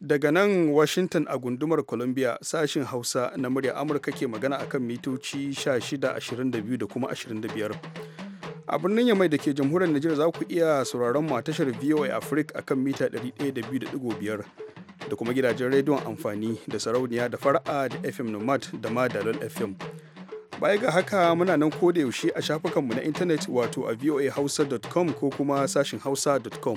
daga nan washington a gundumar columbia sashin hausa na murya amurka ke magana akan mitoci 16 da kuma 25 a birnin yamai da ke jamhuriyar Najeriya za ku iya sauraron mu a tashar VOA Africa akan mita 102.5 da kuma gidajen rediyon amfani da sarauniya da fara'a da FM Nomad da ma Dalol FM. Baya ga haka muna nan ko da yaushe a shafukanmu na intanet wato a voahausa.com ko kuma sashin hausa.com.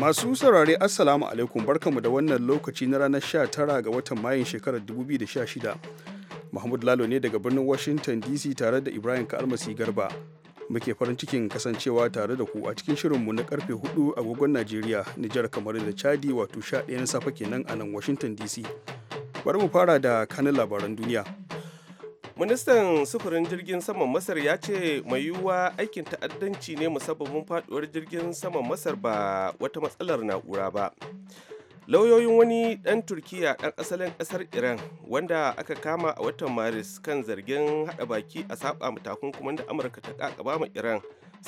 Masu saurare Assalamu alaikum barkanmu da wannan lokaci na ranar 19 ga watan Mayun shekarar 2016. Mahmud Lalo ne daga birnin Washington DC tare da Ibrahim Kalmasi Garba. muke farin cikin kasancewa tare da ku a cikin shirinmu na karfe 4 agogon Najeriya, Nijar kamar da Chadi wato sha 11 na safe kenan a nan Washington DC. Bari mu fara da kanin labaran duniya. Ministan sufurin jirgin saman Masar ya ce mai yiwuwa aikin ta'addanci ne musabbabin faduwar jirgin saman Masar ba wata matsalar na'ura ba. lauyoyin wani ɗan turkiya ɗan asalin ƙasar iran wanda aka kama a watan maris kan zargin haɗa baki a saba takunkumin da amurka ta kakaba ma iran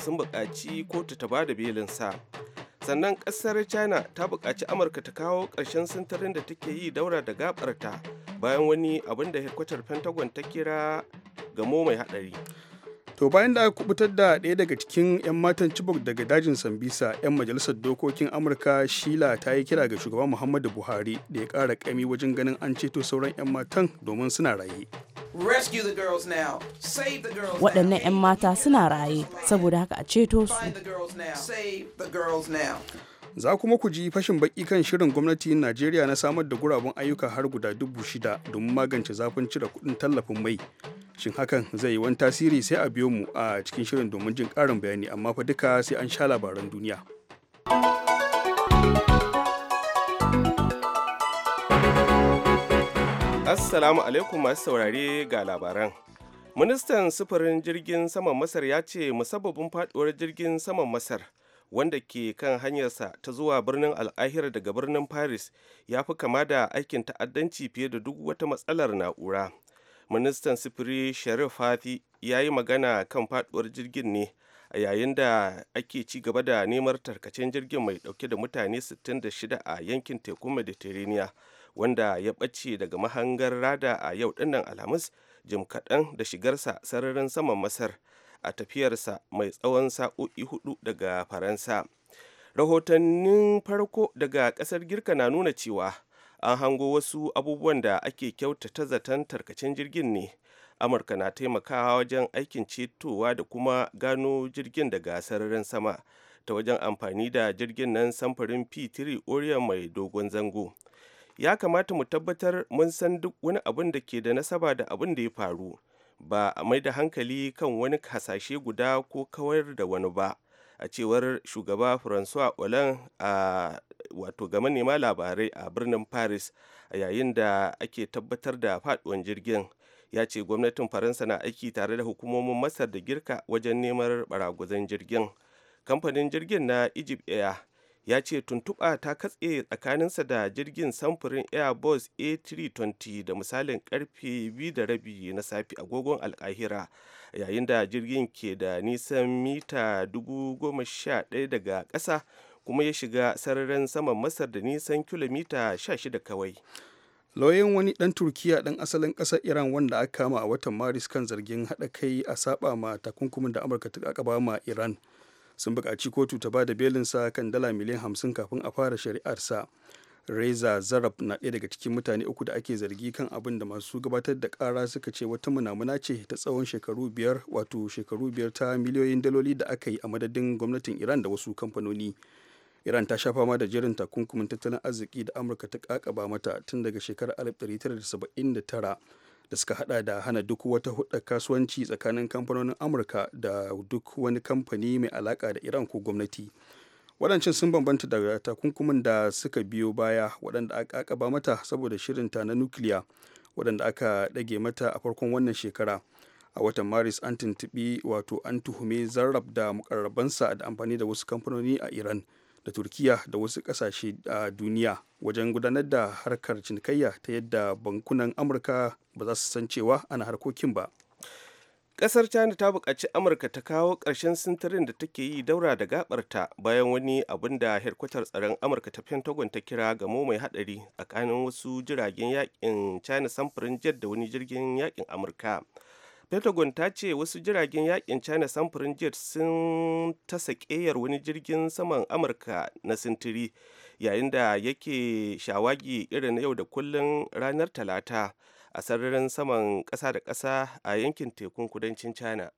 sun buƙaci kotu ta bada belin sa sannan ƙasar china ta bukaci amurka ta kawo ƙarshen sintirin da take yi daura da gabarta bayan wani abin da hirkwatar pentagon ta kira gamo mai haɗari to bayan da aka kubutar da ɗaya daga cikin 'yan matan cibok daga dajin sambisa 'yan majalisar dokokin amurka shila ta yi kira ga shugaban muhammadu buhari da ya ƙara ƙami wajen ganin an ceto sauran 'yan matan domin suna raye waɗannan 'yan mata suna raye saboda haka a ceto su za kuma ku ji fashin baki kan shirin na najeriya na samar da guraben ayyuka har guda dubu shida domin magance zafin cire kuɗin tallafin mai shin hakan zai yi wani tasiri sai a biyo mu a cikin shirin domin jin ƙarin bayani amma fa duka sai an sha labaran duniya assalamu alaikum masu saurare ga labaran ministan sufurin jirgin saman masar ya ce musabbabin faduwar jirgin saman masar wanda ke kan hanyarsa ta zuwa birnin al'ahira daga birnin paris ya fi kama da aikin ta'addanci fiye da duk wata matsalar na'ura ministan sifiri sharif fati ya yi magana kan faduwar jirgin ne a yayin da ake ci gaba da neman tarkacen jirgin mai dauke da mutane 66 a yankin tekun mediterranean wanda ya ɓace daga mahangar rada a yau dinnan alhamis jim kaɗan da shigarsa sararin saman masar a tafiyarsa mai tsawon sa'o'i hudu daga faransa rahotannin farko daga kasar girka na nuna cewa an hango wasu abubuwan da ake kyautata zaton tarkacen jirgin ne amurka na taimakawa wajen aikin cetowa da kuma gano jirgin daga sararin sama ta wajen amfani da jirgin nan samfurin p3 orion mai dogon zango ya kamata mu tabbatar mun san duk wani abin da ke da nasaba da abin da ya faru ba a mai da hankali kan wani hasashe guda ko kawar da wani ba a cewar shugaba francois olan a wato ga manema labarai a birnin paris a yayin da ake tabbatar da faduwan jirgin ya ce gwamnatin faransa na aiki tare da hukumomin masar da girka wajen neman baragwazon jirgin kamfanin jirgin na egypt air ya ce tuntuɓa ta katse tsakaninsa da jirgin samfurin airbus a320 da misalin karfe da rabi na safi agogon alkahira yayin da jirgin ke da nisan mita 11,000 daga ƙasa kuma ya shiga sararin saman masar da nisan kilomita 16 kawai lauyan wani dan turkiya dan asalin kasar iran wanda aka kama a watan maris kan zargin haɗa kai a saba ma takunkumin da amurka ta kaba ma iran sun buƙaci kotu ta bada da sa kan dala miliyan hamsin kafin a fara shari'ar sa. reza zarab na ɗaya daga cikin mutane uku da ake zargi kan abin da masu gabatar da ƙara suka ce wata munamuna ce ta tsawon shekaru biyar wato shekaru biyar ta miliyoyin daloli da aka yi a madadin gwamnatin iran da wasu kamfanoni iran ta sha fama da jirin takunkumin tattalin arziki da amurka ta kakaba mata tun daga shekarar 1979 da suka hada da hana duk wata hudar kasuwanci tsakanin kamfanonin amurka da duk wani kamfani mai alaka da iran ko gwamnati waɗancan sun bambanta daga takunkumin da suka biyo baya waɗanda aka akaba mata saboda shirinta na nukiliya waɗanda aka ɗage mata a farkon wannan shekara a watan maris an tuntuɓi wato an tuhumi zarrab da mukarrabansa da amfani da wasu kamfanoni a iran da turkiya da wasu kasashe a duniya wajen gudanar da harkar cinikayya ta yadda bankunan amurka ba za su san cewa ana harkokin ba kasar china ta buƙaci amurka ta kawo ƙarshen sintirin da take yi daura da gabarta bayan wani abin da herkwatar tsaron amurka ta pentagon ta kira gamo mai haɗari tsakanin wasu jiragen yakin china samfurin jet da wani jirgin yakin amurka pentagon ta ce wasu jiragen yakin china samfurin jet sun ta sakeyar wani jirgin saman amurka na sintiri yayin da yake shawagi irin yau da kullun ranar talata a sararin saman ƙasa da ƙasa a yankin tekun kudancin china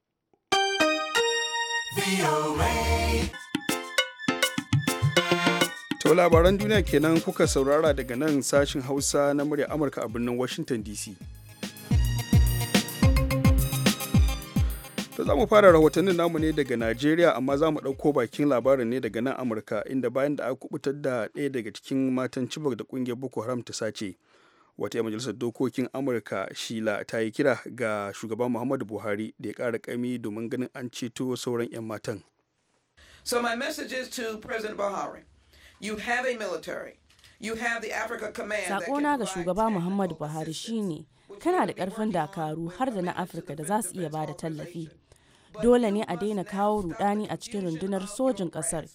To labaran duniya kenan kuka saurara daga nan sashin hausa na murya amurka a birnin washington dc za mu fara rahotannin namu ne daga najeriya amma za mu ɗauko bakin labarin ne daga nan amurka inda bayan da aka kubutar da ɗaya daga cikin matan cibok da ƙungiyar boko haram ta sace wata majalisar dokokin amurka shila ta yi kira ga shugaban muhammadu buhari da ya ƙara kami domin ganin an ceto sauran 'yan matan so my message is to president buhari you have a military you have the africa command sakona ga shugaba muhammadu buhari shine kana da karfin dakaru har da na afirka da za su iya bada tallafi dole ne a daina kawo rudani a cikin rundunar sojin kasar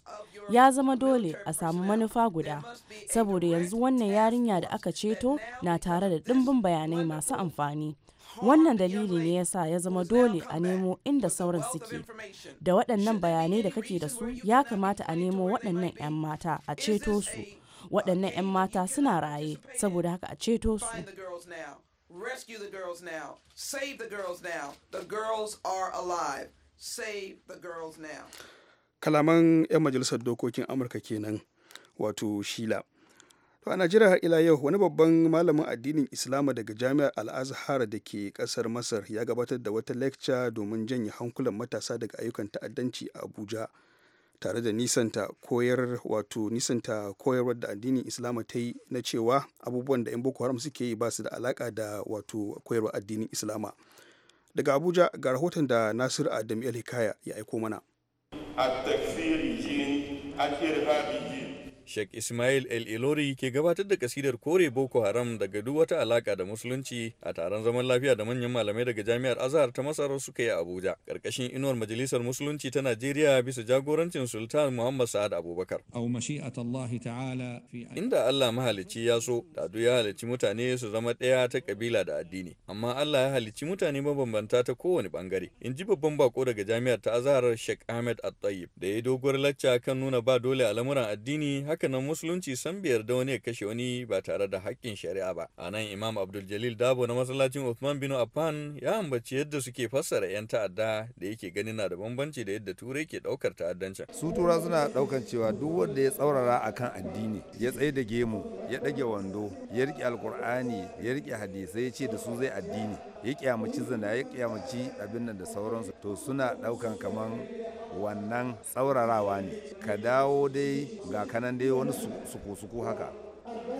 ya zama dole a samu manufa guda saboda yanzu wannan yarinya da aka ceto na tare da dimbin bayanai masu amfani wannan dalili ne ya sa ya zama dole a nemo inda sauran suke da waɗannan bayanai da kake da su ya kamata a nemo waɗannan 'yan mata a ceto su waɗannan 'yan mata suna raye saboda haka a ceto su Rescue the girls now. Save the girls now. The girls are alive. Save the girls now. Kalaman 'yan majalisar dokokin Amurka kenan, wato Shila. To a Najeriya har ila yau wani babban malamin addinin Islama daga Jami'ar Al-Azhar da ke kasar Masar ya gabatar da wata lecture domin janye hankulan matasa daga ayyukan ta'addanci a Abuja. tare da nisanta koyar wato nisanta koyarwar da addinin islama ta yi na cewa abubuwan da 'yan boko haram suke yi ba su da alaka da wato koyarwar addinin islama daga abuja ga rahoton da nasiru adam el hikaya ya aiko mana a takfiri jini a Sheikh Ismail El Ilori ke gabatar da kasidar kore Boko Haram daga duk wata alaka da musulunci a taron zaman lafiya da manyan malamai daga Jami'ar Azhar ta Masar suka yi Abuja karkashin inuwar Majalisar Musulunci ta Najeriya bisa jagorancin Sultan Muhammad Sa'ad Abubakar. ta'ala Inda Allah mahalicci ya so, da ya halicci mutane su zama ɗaya ta kabila da addini, amma Allah ya halicci mutane mabambanta ta kowane bangare. In ji babban bako daga Jami'ar ta Azhar Sheikh Ahmed At-Tayyib da ya doguwar lacca kan nuna ba dole a lamuran addini haka Haka nan musulunci san biyar da wani ya kashe wani ba tare da hakkin shari'a ba. A nan Imam Abdul Jalil Dabo na masallacin Uthman bin Affan ya ambaci yadda suke fassara 'yan ta'adda da yake ganin na da bambanci da yadda Turai ke ɗaukar ta'addanci. Su Tura suna ɗaukan cewa duk wanda ya tsaurara akan addini ya tsaye da gemu ya dage wando ya rike alkur'ani ya rike hadisai ya ce da su zai addini ya kyamaci zina ya kyamaci abin nan da sauransu to suna daukan kaman wannan tsaurarawa ne ka dawo dai ga kanan dai wani suku-suku haka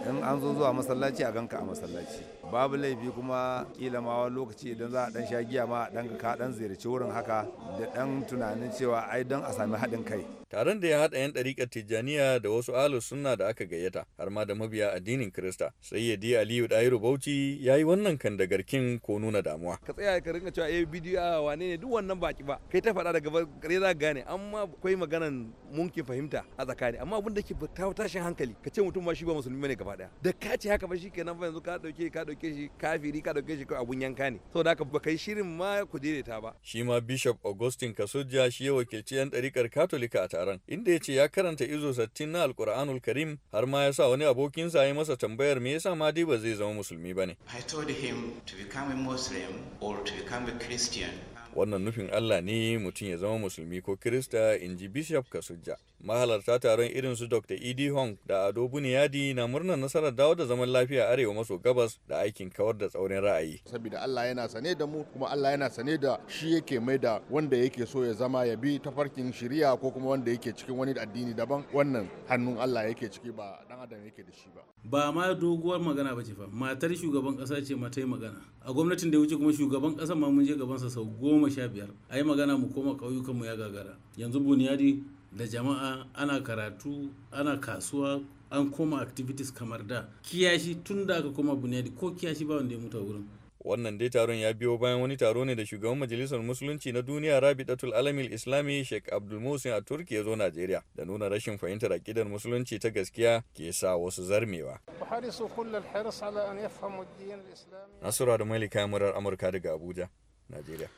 in an zo zuwa masallaci a ganka a masallaci babu laifi kuma kila ma wani lokaci idan za a dan sha giya ma dan ka dan ziyarci wurin haka da dan tunanin cewa ai don a sami haɗin kai taron da ya haɗa 'yan ɗariƙar Tijjaniya da wasu alus sunna da aka gayyata har ma da mabiya addinin Kirista sai ya Aliyu Ɗahiru Bauchi ya yi wannan kan da garkin ko nuna damuwa. Ka tsaya ka ringa cewa eh bidiyo wane ne duk wannan baki ba kai ta faɗa daga gare za gane amma akwai maganan munkin fahimta a tsakani amma abin da ke tashin hankali ka ce mutum ma shi ba musulmi bane gaba daya da ka ce haka ba shi kenan fa yanzu ka dauke ka dauke shi kafiri ka dauke shi ka abun yanka ne saboda haka ba kai shirin ma ku daidaita ba. Shi ma Bishop Augustine Kasujja shi ya wakilci 'yan ɗariƙar Katolika a taron inda ya ce ya karanta izo sattin na alkur'anul karim har ma ya sa wani abokinsa ya masa tambayar me yasa ma ba zai zama musulmi ba ne. I told him to become Muslim or to become a wannan nufin Allah ne mutum ya zama musulmi ko kirista in ji bishop kasujja mahalarta taron irin su dr ed hong da ado buniyadi na murnar nasarar dawo da zaman lafiya arewa maso gabas da aikin kawar da tsaurin ra'ayi saboda Allah yana sane da mu kuma Allah yana sane da shi yake mai da wanda yake so ya zama ya bi tafarkin shari'a ko kuma wanda yake cikin wani addini daban wannan hannun Allah yake ciki ba dan adam yake da shi ba ba ma doguwar magana ba ce fa matar shugaban kasa ce ma ta yi magana a gwamnatin da ya wuce kuma shugaban kasa ma mun je gabansa sau goma sha biyar a yi magana mu koma ƙauyukan mu ya gagara yanzu buniyadi da jama'a ana karatu ana kasuwa an koma activities kamar da kiyashi tun da aka koma buniyadi ko kiyashi ba wanda ya mutu a wurin wannan dai taron ya biyo bayan wani taro ne da shugaban majalisar musulunci na duniya rabi datul alamil islami sheikh abdul musin a turki ya zo najeriya da nuna rashin fahimtar akidar musulunci ta gaskiya ke sa wasu zarmewa nasura da malika murar amurka daga abuja najeriya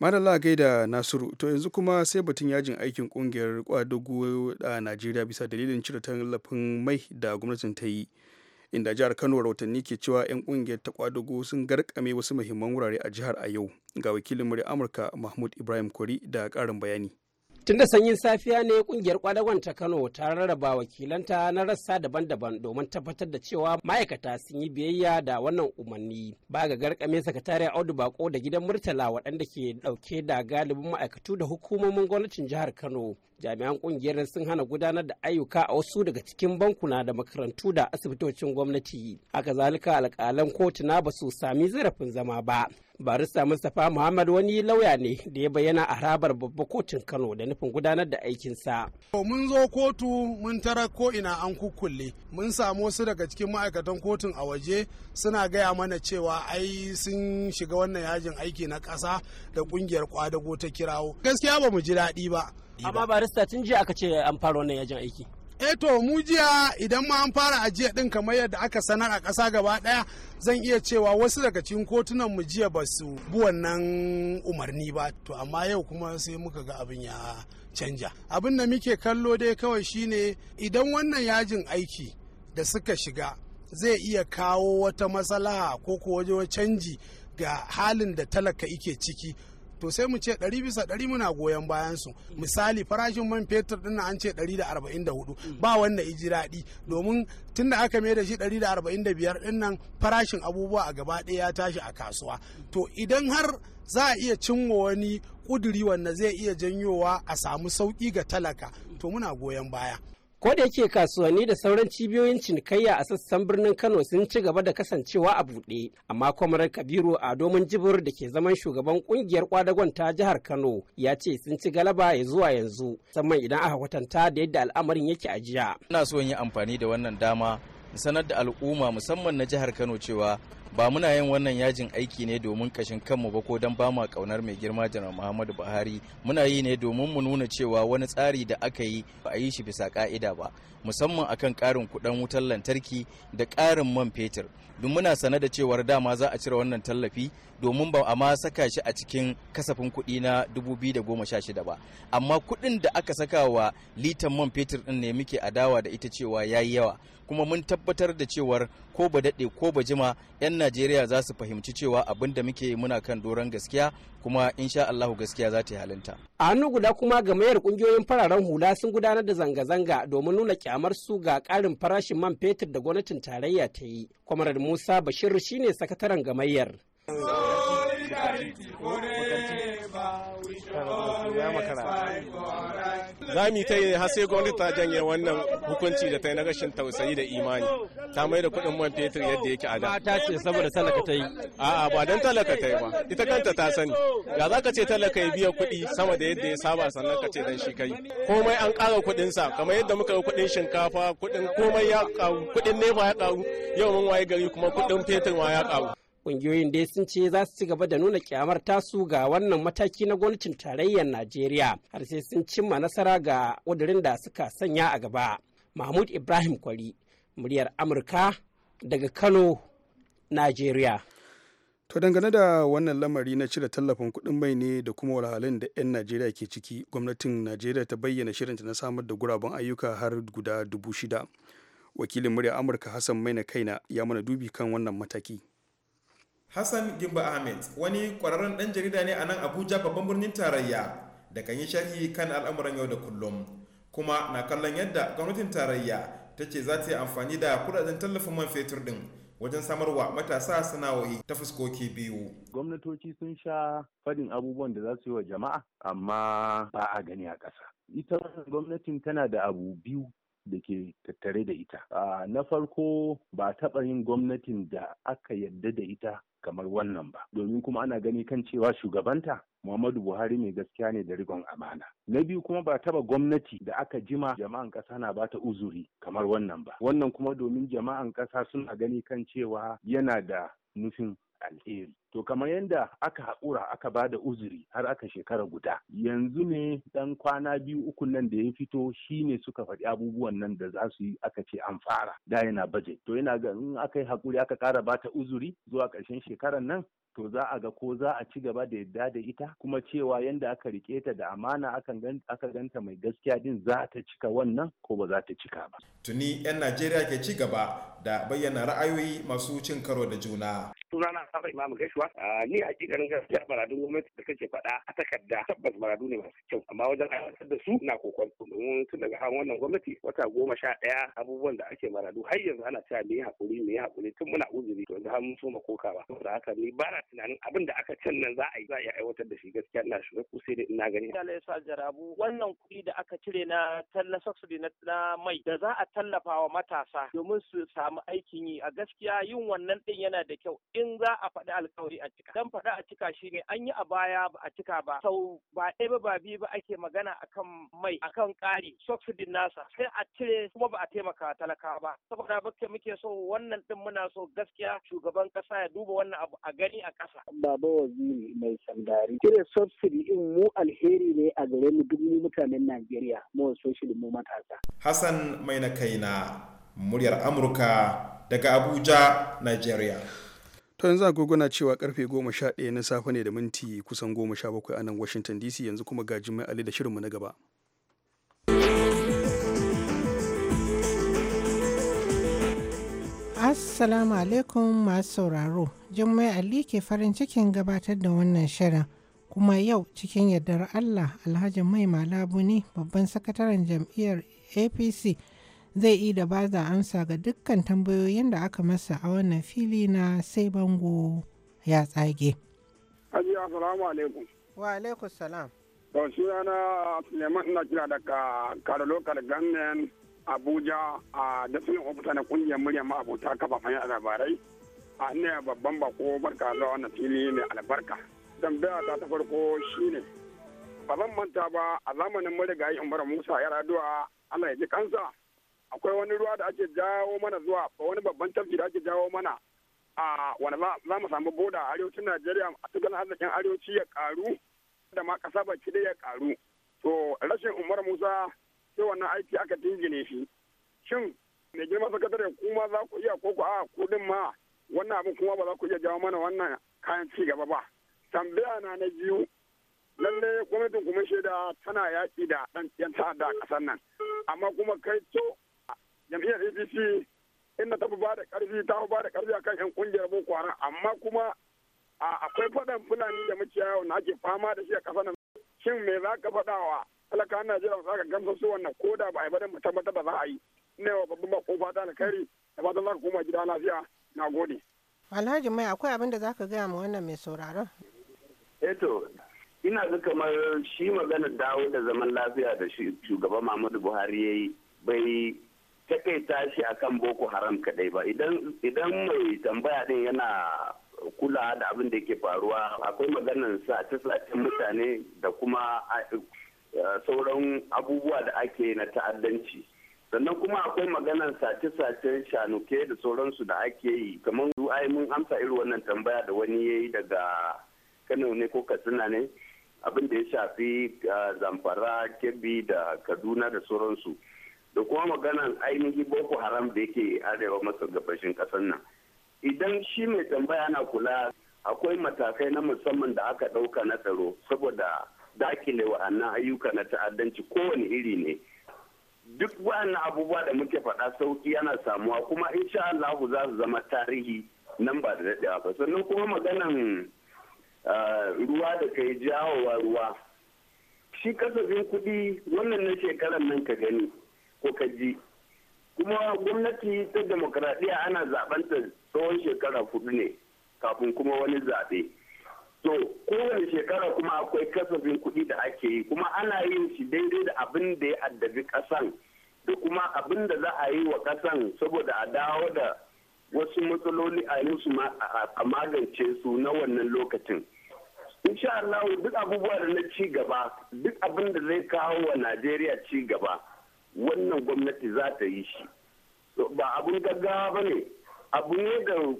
madalla da nasiru to yanzu kuma sai batun yajin aikin kungiyar kwadugu a najeriya bisa dalilin cire tallafin mai da gwamnatin ta yi inda jihar kano rahotanni ke cewa 'yan kungiyar ta kwadugo sun garkame wasu muhimman wurare a jihar a yau ga wakilin murya amurka mahmud ibrahim kori da karin bayani tun da sanyin safiya ne kungiyar kwadagon ta kano ta rarraba wakilanta na rassa daban-daban domin tabbatar da cewa ma'aikata sun yi biyayya da wannan umarni ba ga garkame sakatare audu bako da gidan murtala waɗanda ke ɗauke da galibin ma'aikatu da hukumomin gwamnatin jihar kano jami'an kungiyar sun hana gudanar da ayyuka a wasu daga cikin bankuna da makarantu da asibitocin gwamnati haka zalika alƙalan kotuna ba su sami zarafin zama ba barista mustapha muhammad wani lauya ne da ya bayyana a harabar babba kotun kano da nufin gudanar da aikinsa mun zo kotu mun tara ko ina an kukkulle mun samu wasu daga cikin ma'aikatan kotun a waje suna gaya mana cewa ai sun shiga wannan yajin aiki na ƙasa da ƙungiyar kwadago ta kirawo gaskiya ba mu ji daɗi ba amma barista tun jiya aka ce an fara wannan yajin aiki eh to mu jiya idan ma an fara ajiya din kamar yadda aka sanar a ƙasa gaba ɗaya zan iya cewa wasu daga cikin kotunan mu jiya ba su bi wannan umarni ba to amma yau kuma sai muka ga abin ya canja abin da muke kallo dai kawai shine idan wannan yajin aiki da suka shiga zai iya kawo wata masala ko kuwa canji ga halin da talaka ike ciki to sai mu ce ɗari bisa ɗari muna goyon bayansu. misali farashin man fetur ɗin an ce ɗari da arba'in da hudu ba wanda iji daɗi domin tun da aka mai da shi ɗari da arba'in da biyar ɗin nan farashin abubuwa a gaba ɗaya ya tashi a kasuwa to idan har za a iya cinwa wani ƙuduri wanda zai iya janyowa a samu sauƙi ga talaka to muna goyon baya Ko da yake kasuwanni da sauran cibiyoyin cinikayya a sassan birnin Kano sun ci gaba da kasancewa a buɗe, amma kwamarar Kabiru a domin jibir da ke zaman shugaban kungiyar kwadagon ta jihar Kano ya ce sun ci galaba ya zuwa yanzu, musamman idan aka kwatanta da yadda al'amarin yake ajiya. Ina so yin amfani da wannan dama sanar da al'umma musamman na jihar Kano cewa ba muna yin wannan yajin aiki ne domin kashin kanmu ba ko don ba ma kaunar mai girma janar muhammadu buhari muna yi ne domin mu nuna cewa wani tsari da aka yi ba a yi shi bisa ka'ida ba musamman akan karin kuɗan wutar lantarki da karin man fetur duk muna sane da cewar dama za a cire wannan tallafi domin ba a ma saka shi a cikin kasafin kuɗi na 2016 ba amma kuɗin da aka saka wa litan man fetur ɗin ne muke adawa da ita cewa yayi yawa kuma mun tabbatar da cewar ko ba daɗe ko ba jima 'yan najeriya za su fahimci cewa abin da muke muna kan doron gaskiya kuma insha allahu gaskiya za ta yi halinta a hannu guda kuma gamayyar kungiyoyin fararen hula sun gudanar da zanga-zanga domin nuna kyamar su ga ƙarin farashin man fetur da gwamnatin tarayya ta yi kwamarar musa bashir shine sakataren gamayyar Oh, za mu ta yi har sai gwamnati ta janye wannan hukunci da ta yi na rashin tausayi da imani ta mai da kuɗin man fetur yadda yake a da ta ce saboda talaka ta yi a'a ba don talaka ta yi ba ita kanta ta sani ya za ka ce talaka ya biya kuɗi sama da yadda ya saba sannan ka ce dan shi kai komai an ƙara kuɗin kamar yadda muka yi kuɗin shinkafa kuɗin komai ya ƙaru kuɗin nefa ya ƙaru yau mun waye gari kuma kuɗin fetur ma ya ƙaru Ƙungiyoyin dai sun ce za su ci gaba da nuna kyamar tasu ga wannan mataki na gwamnatin tarayyar Najeriya har sai sun cimma nasara ga wadarin da suka sanya a gaba. Mahmud Ibrahim Kwari, muryar Amurka daga Kano, Najeriya. To dangane da wannan lamari na cire tallafin kuɗin mai ne da kuma walhalin da 'yan Najeriya ke ciki, gwamnatin Najeriya ta bayyana shirinta na samar da guraben ayyuka har guda dubu shida. Wakilin murya Amurka Hassan Maina Kaina ya mana dubi kan wannan mataki. hassan gimba ahmed wani kwararren ɗan jarida ne a nan abuja babban birnin tarayya da kan yi sharhi kan al'amuran yau da kullum kuma na kallon yadda gwamnatin tarayya ta ce za ta yi amfani da kudaden tallafin man fetur din wajen samarwa matasa sana'o'i ta fuskoki biyu. Gwamnatoci sun sha fadin abubuwan da za su yi wa jama'a amma ba a gani a ƙasa. Ita gwamnatin tana da abu biyu da ke tattare da ita. Ah, na farko ba taɓa yin gwamnatin da aka yadda da ita kamar wannan ba domin kuma ana gani kan cewa shugabanta Muhammadu Buhari mai gaskiya ne da rigon amana. Na biyu kuma ba taba gwamnati da aka jima jama'an ƙasa na bata uzuri kamar wannan ba. Wannan kuma domin jama'an ƙasa suna gani kan cewa yana da nufin alheri to kamar yadda aka haƙura aka ba da uzuri har aka shekara guda yanzu ne dan kwana biyu uku nan da ya fito shi ne suka faɗi abubuwan nan da za su yi aka ce an fara da yana baje to yana ga in aka yi haƙuri aka ƙara bata uzuri zuwa ƙarshen shekarar nan to za a ga ko za a ci gaba da yadda da ita kuma cewa yanda aka rike ta da amana aka ganta mai gaskiya din za ta cika wannan ko ba za ta cika ba. Tuni 'yan Najeriya ke ci gaba da bayyana ra'ayoyi masu cin karo da juna. sunana Saba Imamu Gaishuwa ni a kikarin gaskiya maradun gwamnati da kake faɗa a takarda tabbas maradu ne masu kyau amma wajen aiwatar da su na kokon domin tun daga hawan wannan gwamnati wata goma sha ɗaya abubuwan da ake maradu har yanzu ana cewa me hakuri me hakuri tun muna uzuri to yanzu har mun so kokawa saboda haka ni ba tunanin abin da aka can nan za a yi za a iya aiwatar da shi gaskiya ina shi ku sai da ina gani Allah ya sa jarabu wannan kuɗi da aka cire na talla subsidy na mai da za a tallafa wa matasa domin su samu aikin yi a gaskiya yin wannan din yana da kyau in za a faɗi alkawari a cika dan faɗa a cika shi ne an yi a baya ba a cika ba sau ba ɗaya ba ba biyu ba ake magana akan mai akan ƙari subsidy nasa sai a cire kuma ba a taimaka talaka ba saboda bakke muke so wannan din muna so gaskiya shugaban ƙasa ya duba wannan abu a gani a ƙasa. Baba waziri mai sandari. Cire subsidy in mu alheri ne a gare mu duk mu mutanen Najeriya mu social mu matasa. Hassan mai na kaina muryar Amurka daga Abuja, Najeriya. To yanzu agogo na cewa karfe goma sha ɗaya na safe ne da minti kusan goma sha bakwai a nan Washington DC yanzu kuma ga Jimai Ali da shirinmu na gaba. Assalamu alaikum masu sauraro, Jummai Ali ke farin cikin gabatar da wannan shirin kuma yau cikin yardar Allah Alhaji Mai Malabu ne babban sakataren jam'iyyar APC zai yi da ba za amsa ga dukkan tambayoyin da aka masa a wannan fili na sai bango ya tsage. Haji Assalamu alaikum. Wa alaikum salam. shi sunana Suleiman ina kira daga Kadalo Kadgannan abuja a da sun ofisa na kungiyar murya ma'abota kafafen yada labarai a ina babban bako barka zuwa wannan fili mai albarka tambaya ta ta farko shine ba zan manta ba a zamanin marigayi umar musa ya raduwa allah ya ji kansa akwai wani ruwa da ake jawo mana zuwa wani babban tafki da ake jawo mana a wani za mu samu boda a arewacin najeriya a cikin arzikin arewaci ya karu da ma kasa baki ya karu to rashin umar musa sai wannan aiki aka tingine shi shin mai girma sakatare kuma za ku iya ko ku a kudin ma wannan abin kuma ba za ku iya jawo mana wannan kayan ci gaba ba tambaya na na biyu lalle gwamnatin kuma shaida tana yaki da dan yan ta'adda a kasar nan amma kuma kai to jam'iyyar apc inda ta ba da ƙarfi ta ba da ƙarfi akan yan ƙungiyar boko haram amma kuma akwai faɗan fulani da muke yawo na ake fama da shi a kasar nan shin me za ka faɗa wa talaka ana jira za ka gamsa su wannan ko da ba a yi ba mu tabbatar da za a yi ne wa babban ba bako fata alkhairi da fatan za ka koma gida lafiya na gode. alhaji mai akwai abin da za ka gaya ma wannan mai sauraron. eto eh ina ga kamar shi magana dawo da zaman lafiya da shugaban muhammadu buhari ya yi bai takaita shi akan boko haram kadai ba idan mai tambaya din yana kula da abin da ke faruwa akwai maganar sa ta mutane da kuma Eh, sauran abubuwa da ake na ta'addanci sannan kuma akwai maganar sace-sacen shanuke da sauransu da ake yi kamar ai mun amsa irin wannan tambaya da wani ya yi daga kano ne ko katsina ne abin da ya shafi eh, zamfara kebbi da kaduna da sauransu da kuma maganar ainihi boko haram da yake arewa masa gabashin kasar nan idan shi mai tambaya na kula akwai matakai na musamman da aka ɗauka na tsaro saboda dakile wa'annan ayyuka na ta'addanci kowane iri ne duk wa'annan abubuwa da muke faɗa sauki yana samuwa kuma insha Allah za su zama tarihi nan ba da daɗewa ba sannan kuma maganan ah, ruwa da kai jawowa ruwa shi kasafin kuɗi wannan na shekarar nan ka gani ko ka ji kuma gwamnati ta demokradiyya ana zaɓen ta tsawon shekara kuɗi ne kafin kuma wani zaɓe to kowane shekara kuma akwai kasafin kuɗi da ake yi kuma ana yin shi daidai da abin da ya addabi ƙasan da kuma abin da za a yi wa kasan saboda a dawo da wasu matsaloli a yi su a magance su na wannan lokacin insha Allah duk abubuwa da na ci gaba duk abin da zai kawo wa Najeriya ci gaba wannan gwamnati za ta yi shi ba abun gaggawa ba ne abu ne da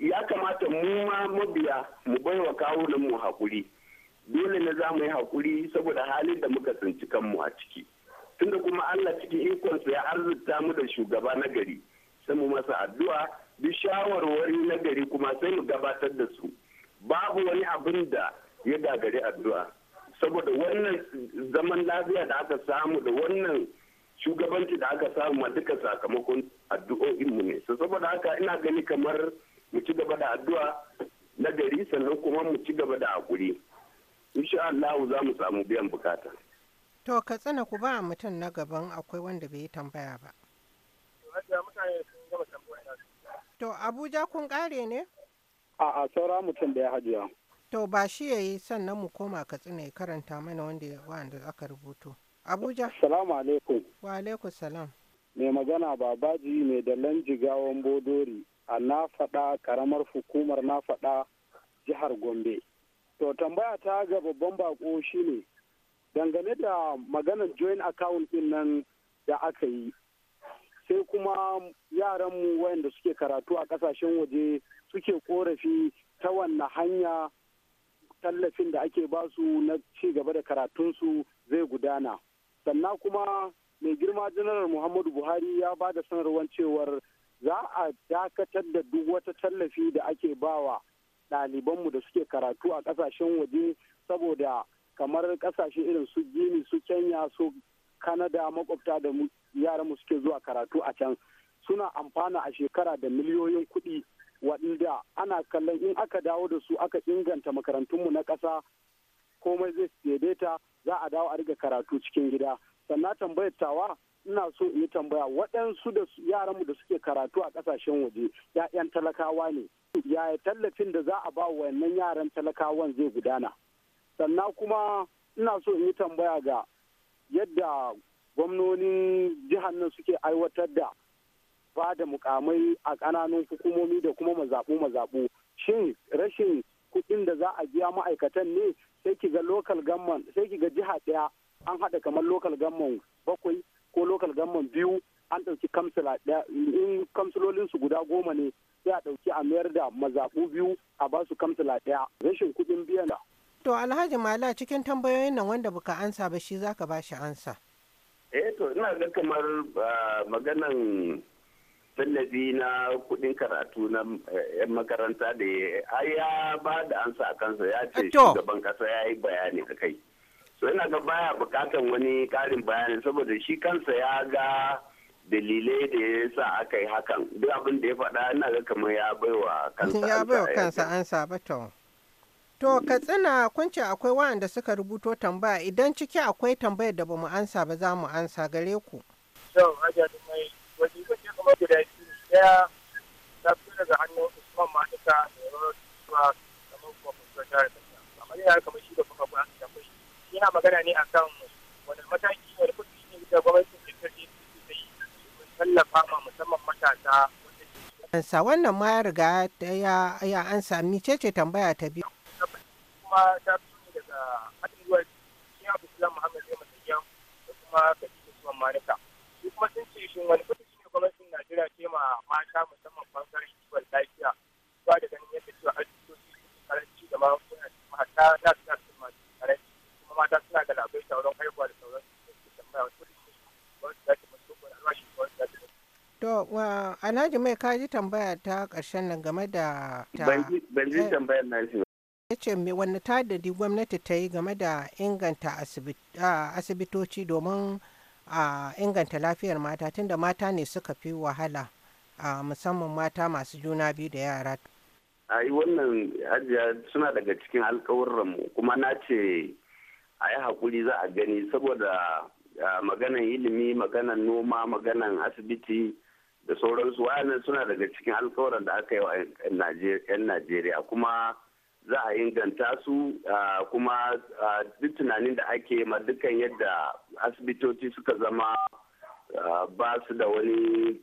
ya kamata mu ma mabiya mu bai wa kawunan mu haƙuri dole na za mu yi haƙuri saboda halin da muka tsinci kanmu a ciki tunda kuma Allah cikin ikonsa ya arzuta mu da shugaba na gari sai mu masa addu'a duk shawarwari na gari kuma sai mu gabatar da su babu wani abin da ya gagari addu'a saboda wannan zaman lafiya da aka samu da wannan shugabanci da aka samu ma duka sakamakon addu'o'inmu ne saboda haka ina gani kamar mu ci gaba da addu'a na gari sannan kuma mu ci gaba da hakuri insha Allah za mu samu biyan bukata to ka tsana ku ba mutum na gaban akwai wanda bai yi tambaya ba to Abuja kun kare ne a'a saura mutum da ya hajiya to ba shi ya yi sannan mu koma katsina ya karanta mana wanda wanda aka rubuto abuja salamu alaikum wa alaikum salam mai magana babaji mai dallan jigawan bodori a na faɗa karamar hukumar na faɗa jihar gombe to tambaya ta ga babban bako shine dangane da maganar join account din nan da aka yi sai kuma yaran mu wayanda suke karatu a kasashen waje suke korafi ta wanne hanya tallafin da ake basu na ci gaba da karatunsu zai gudana sannan kuma mai girma janar muhammadu buhari ya ba da sanarwar cewar za a dakatar da duk wata tallafi da ake bawa ɗalibanmu da suke karatu a ƙasashen waje saboda kamar ƙasashe irin su gini su kenya su kanada makwabta da yaranmu suke zuwa karatu a can suna amfana a shekara da miliyoyin kuɗi waɗanda ana kallon in aka dawo da su aka inganta makarantunmu na ƙasa komai zai daidaita za a dawo a riga karatu cikin gida sannan tambayar tawa ina so in yi tambaya waɗansu da mu da suke karatu a ƙasashen waje 'ya'yan talakawa ne yaya tallafin da za a ba wannan yaran talakawan zai gudana sannan kuma ina so in yi tambaya ga yadda gwamnonin jihar nan suke aiwatar da ba da mukamai a ƙananan hukumomi da kuma mazaɓu-mazaɓu shin rashin kuɗin da za a biya ma'aikatan ne sai kiga local government sai kiga jiha ɗaya an haɗa kamar local government bakwai ko lokal gamman biyu an ɗauki kamsila ɗaya in kamsilolin su guda goma ne sai a ɗauki a mayar da mazaɓu biyu a ba su kamsila ɗaya rashin kuɗin biyan To Alhaji Mala cikin tambayoyin nan wanda baka ansa ba shi zaka ba shi ansa. Eh to ina ga kamar maganan tallafi na kuɗin karatu na eh, 'yan makaranta da ya ba da ansa a kansa ya ce shugaban ƙasa ya yi bayani a kai. so ina ga baya bukatan wani karin bayani saboda shi kansa ya ga dalilai da ya sa aka yi hakan duk abin da ya faɗa yana ga kamar ya baiwa kansa ya baiwa kansa an sabaton To mm. Katsina kun ce akwai waɗanda suka rubuto tambaya idan ciki akwai tambayar da bamu ansa ba za mu ansa gare ku. Yau Hajiya da mai wajen zai ce kuma guda shi ɗaya ta fito daga hannun Usman Matika da Yawar Suwa kamar kuma Musa Jari Kamar yana kamar shi da kuma ba yana magana ne akan wani mataki wani kuɗi ne da gwamnatin da ta yi tallafa ma musamman matasa sa wannan ma ya riga ya an sami cece tambaya ta biyu kuma ta fito daga haɗin ruwa ya fi sulan muhammad zai masayyan da kuma kaji da malika shi kuma sun ce shi wani kuɗi ne gwamnatin najeriya ce ma mata musamman bangaren kiwon lafiya ba da ganin yadda cewa asibitoci karanci da magunguna hatta na sa ga labai sauran haihuwa da sauran To, mai kaji tambaya ta ƙarshen nan game da ta... Ban ji eh. tambayar na shi ya ce me wani tadadi gwamnati ta yi game da inganta asibitoci domin a inganta lafiyar mata tunda mata ne suka fi wahala a musamman mata masu juna biyu da yara. a yi wannan ajiya suna daga cikin alkawurranmu kuma na ce a yi haƙuri za a gani saboda maganan ilimi maganan noma maganan asibiti da sauransu wayannan suna daga cikin alkawaran da aka yi wa 'yan najeriya kuma za a inganta su kuma duk tunanin da ake ma dukkan yadda asibitoci suka zama ba su da wani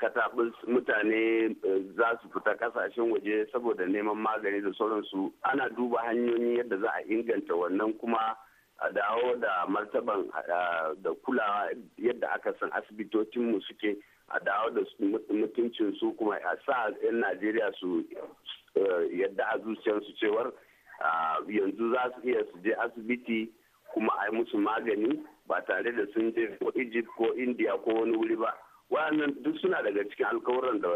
katabin mutane e, za su fita kasashen waje saboda neman magani da sauransu ana duba hanyoyin yadda za a inganta wannan kuma a dawo da martaban da kulawa yadda aka san asibitocinmu suke a dawo da mutuncin su kuma a sa 'yan najeriya su eh, yadda a zuciyarsu cewar yanzu za su iya su je asibiti kuma a yi musu magani ba tare da sun je ko egypt ko india ko wani wuri ba wannan duk suna daga cikin alkawuran da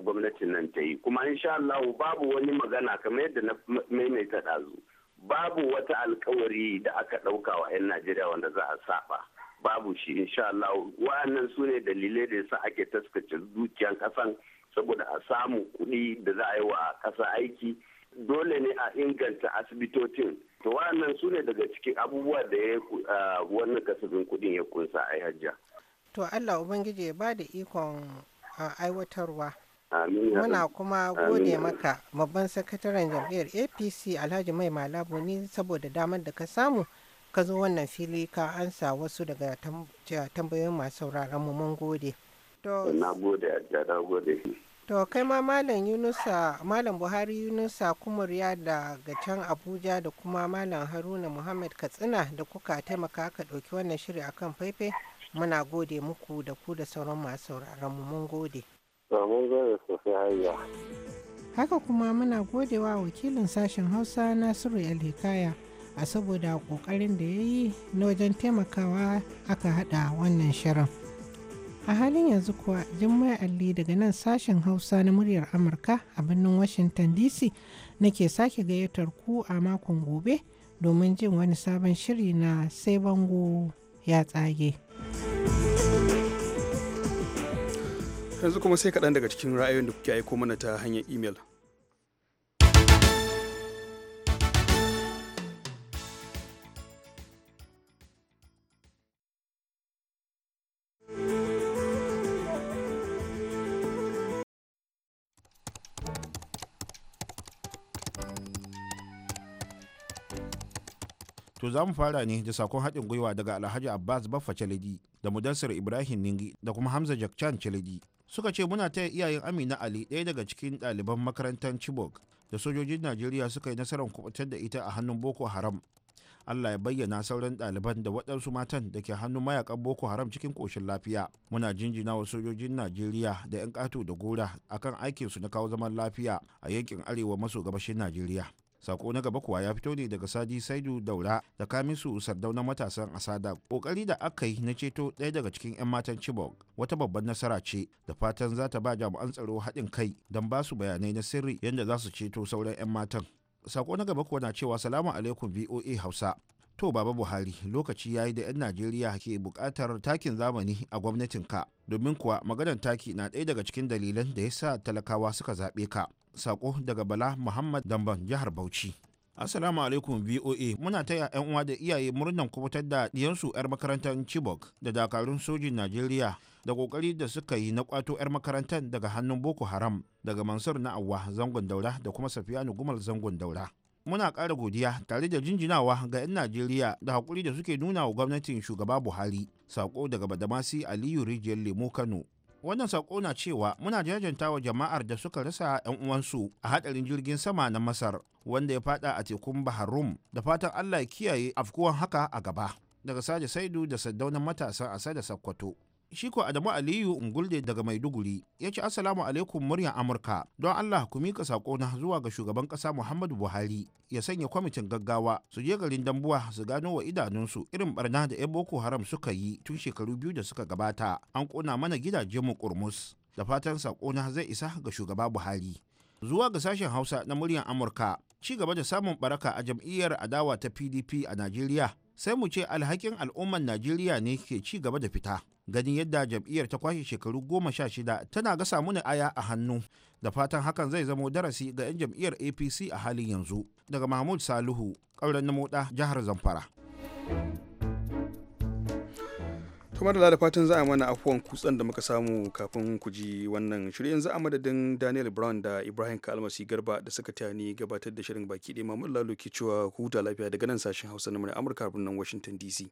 gwamnatin nan ta yi kuma insha Allah babu wani magana kamar yadda na maimaita ɗazu babu wata alkawari da aka ɗauka wa 'yan najeriya wanda za a saba babu shi insha Allah wa'annan su ne dalilai da yasa ake taskace dukiyan kasan saboda a samu kuɗi da za a yi wa ƙasa aiki dole ne a inganta asibitocin to wa'annan su ne daga cikin abubuwa da ya wannan kasafin kuɗin ya kunsa a hajja to Allah ubangiji ya ba da ikon aiwatarwa Muna kuma gode maka babban sakataren jam'iyyar APC Alhaji Mai Malabo ne saboda damar da ka samu ka zo wannan fili ka ansa wasu daga tambayoyin masu sauraron mu mun gode. Na gode na gode. To kai ma Malam Yunusa, Malam Buhari Yunusa kumurya daga can Abuja da kuma Malam Haruna Muhammad Katsina da kuka taimaka ka ɗauki wannan shiri akan faifai muna gode muku da ku da sauran masu sauraron mu mun gode. mun gode sosai hayya. Haka kuma muna godewa wakilin sashen Hausa Nasiru Alhikaya a saboda kokarin da ya yi na wajen taimakawa aka hada wannan shirin. A halin yanzu kuwa Jummai Alli daga nan sashen Hausa na muryar Amurka a birnin Washington DC nake sake gayyatar ku a makon gobe domin jin wani sabon shiri na sai bango ya tsage. yanzu kuma sai kaɗan daga cikin ra'ayoyin da kuke aiko mana ta hanyar imel To za mu fara ne da sakon haɗin gwiwa daga Alhaji Abbas Baffa chaladi da Mudassir Ibrahim Ningi da kuma Hamza Jakchan chaladi suka ce muna taya iyayen amina ali ɗaya daga cikin ɗaliban makarantar chibok da sojojin najeriya suka yi nasarar kubutar da ita a hannun boko haram allah ya bayyana sauran ɗaliban da waɗansu matan da ke hannun mayakan boko haram cikin ƙoshin lafiya muna jinjina wa sojojin najeriya da 'yan ƙato da gora akan aikinsu na kawo zaman lafiya a yankin arewa maso gabashin najeriya sako na gaba kuwa ya fito ne daga sadi saidu daura da kamisu na matasan asada kokari da aka yi na ceto ɗaya daga cikin 'yan matan chibok wata babban nasara ce da fatan za ta ba jami'an tsaro haɗin kai don ba su bayanai na sirri yadda za su ceto sauran 'yan matan sako na gaba kuwa na cewa salamu alaikum voa hausa to baba buhari lokaci ya yi da 'yan najeriya ke buƙatar takin zamani a gwamnatin ka domin kuwa maganar taki na ɗaya daga cikin dalilan da ya sa talakawa suka zaɓe ka sako daga bala muhammad damban jihar bauchi Assalamu alaikum VOA muna taya 'yan uwa da iyaye murnan kubutar da diyansu 'yar makarantar Chibok da dakarun sojin Najeriya da kokari da suka yi na kwato 'yar makarantar daga hannun Boko Haram daga Mansur na Awwa zangon daura da kuma Safiyanu Gumal zangon daura. Muna ƙara godiya tare da jinjinawa ga 'yan Najeriya da hakuri da suke nuna wa gwamnatin shugaba Buhari. Sako daga Badamasi Aliyu Rijiyar Lemo Kano wannan sako na cewa muna jajanta wa jama'ar da suka rasa 'yan uwansu a hadarin jirgin sama na masar wanda ya fada a tekun bahar rum da fatan allah ya kiyaye afkuwan haka a gaba daga saje saidu da saddaunan matasan a sada sakkwato shi ko Adamu Aliyu Ungulde daga Maiduguri ya ce Assalamu alaikum murya Amurka don Allah ku mika sako na zuwa ga shugaban kasa Muhammadu Buhari ya sanya kwamitin gaggawa su je garin Dambuwa su gano wa idanunsu irin barna da 'yan Boko Haram suka yi tun shekaru biyu da suka gabata an kona mana mu kurmus da fatan sako na zai isa ga shugaba Buhari. Zuwa ga sashen Hausa na muryar Amurka ci gaba da samun baraka a jam'iyyar adawa ta PDP a Najeriya sai mu ce alhakin al'umman Najeriya ne ke ci gaba da fita. ganin yadda jam'iyyar ta kwashe shekaru goma sha shida tana gasa ne aya a hannu da fatan hakan zai zamo darasi ga 'yan jam'iyyar apc a halin yanzu daga mahmud saluhu ƙauren na moda jihar zamfara kuma da fatan za a mana afuwan kutsen da muka samu kafin ku ji wannan shirin yanzu a madadin daniel brown da ibrahim kalmasi garba da suka tani gabatar da shirin baki ɗaya mamun lalo ke cewa huta lafiya daga nan sashen hausa na amurka birnin washington dc